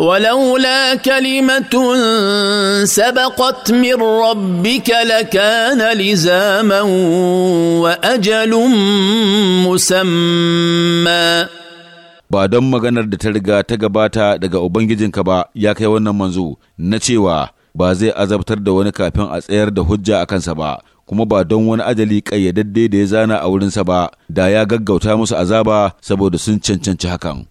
ولولا كلمة سبقت من ربك لكان لزاما وأجل مسمى ba don maganar da ta riga ta gabata daga Ubangijinka ba ya kai wannan manzo na cewa ba zai azabtar da wani kafin a tsayar da hujja a kansa ba, kuma ba don wani ajali ƙayyadadde da ya zana a wurinsa ba, da ya gaggauta musu azaba saboda sun cancanci hakan.